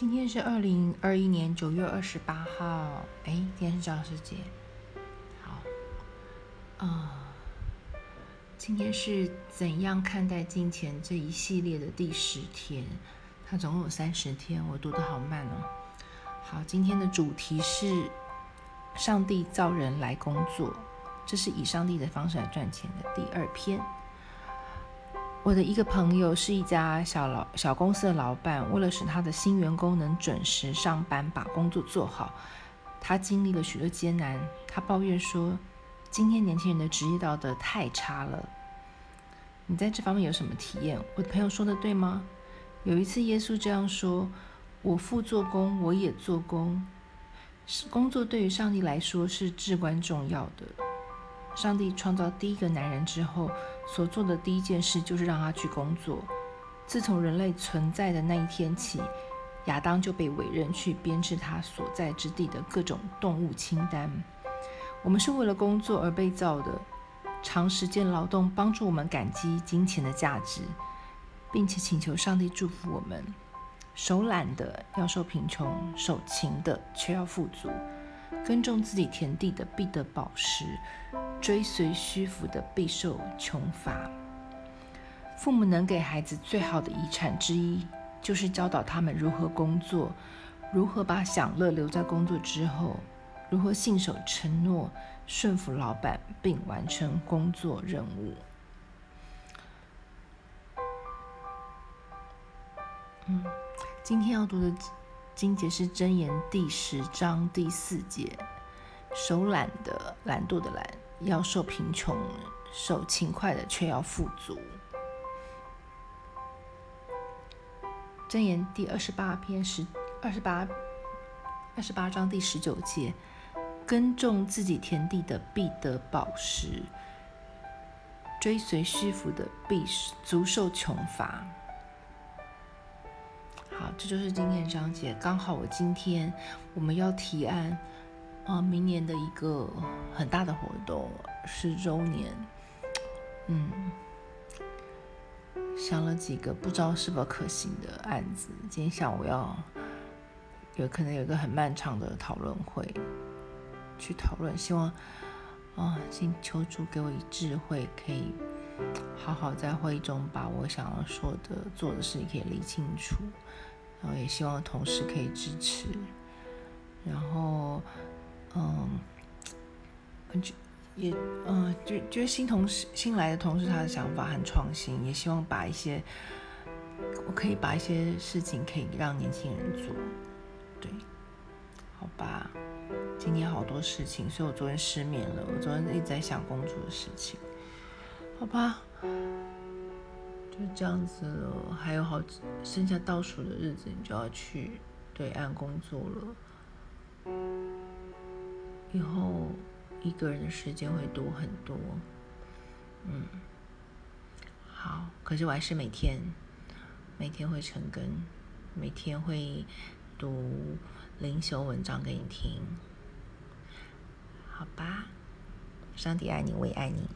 今天是二零二一年九月二十八號，哎，今天是教師節。好，啊、嗯，今天是怎樣看待金錢這一系列的第十天，它總共有三十天，我讀得好慢哦。好，今天的主題是上帝造人來工作，這是以上帝的方式來賺錢的第二篇。我的一個朋友是一家小老小公司的老闆，為了使他的新員工能準時上班，把工作做好，他經歷了許多艱難。他抱怨說：“今天年輕人的職業道德太差了。”你在這方面有什麼體驗？我的朋友說的對嗎？有一次耶穌這樣說：“我父做工，我也做工。”是工作對於上帝來說是至關重要的。上帝創造第一個男人之後，所做的第一件事就是讓他去工作。自從人類存在的那一天起，亞當就被委任去編製他所在之地的各種動物清單。我們是為了工作而被造的，長時間勞動幫助我們感激金錢的價值，並且請求上帝祝福我們。手懶的要受貧窮，手勤的卻要富足。耕種自己田地的，必得飽食，追隨虛浮的必受窮乏。父母能給孩子最好的遺產之一，就是教導他們如何工作，如何把享樂留在工作之後，如何信守承諾，順服老闆，並完成工作任務。嗯，今天要讀的。經節是箴言第十章第四節，手懶的懶惰的懶，要受貧窮；手勤快的卻要富足。箴言第二十八篇十二十八二十八章第十九節，耕種自己田地的必得飽食，追隨虛浮的必足受窮乏。好，這就是今天的章節。剛好我今天我們要提案啊，明年的一個很大的活動十周年，嗯，想了幾個不知道是否可行的案子。今天下午要有可能有一個很漫長的討論會去討論，希望啊，請求主給我一智慧可以。好好在會議中把我想要說的、做的事情可以理清楚，然後也希望同事可以支持。然後，嗯，嗯，就也，嗯，就覺得新同事、新來的同事他的想法很創新，也希望把一些，我可以把一些事情可以讓年輕人做。對，好吧，今天好多事情，所以我昨天失眠了。我昨天一直在想工作的事情。好吧，就這樣子了。還有好幾剩下倒數的日子，你就要去對岸工作了。以後一個人的時間會多很多，嗯。好，可是我還是每天，每天會晨更，每天會讀靈修文章給你聽。好吧，上帝愛你，我也愛你。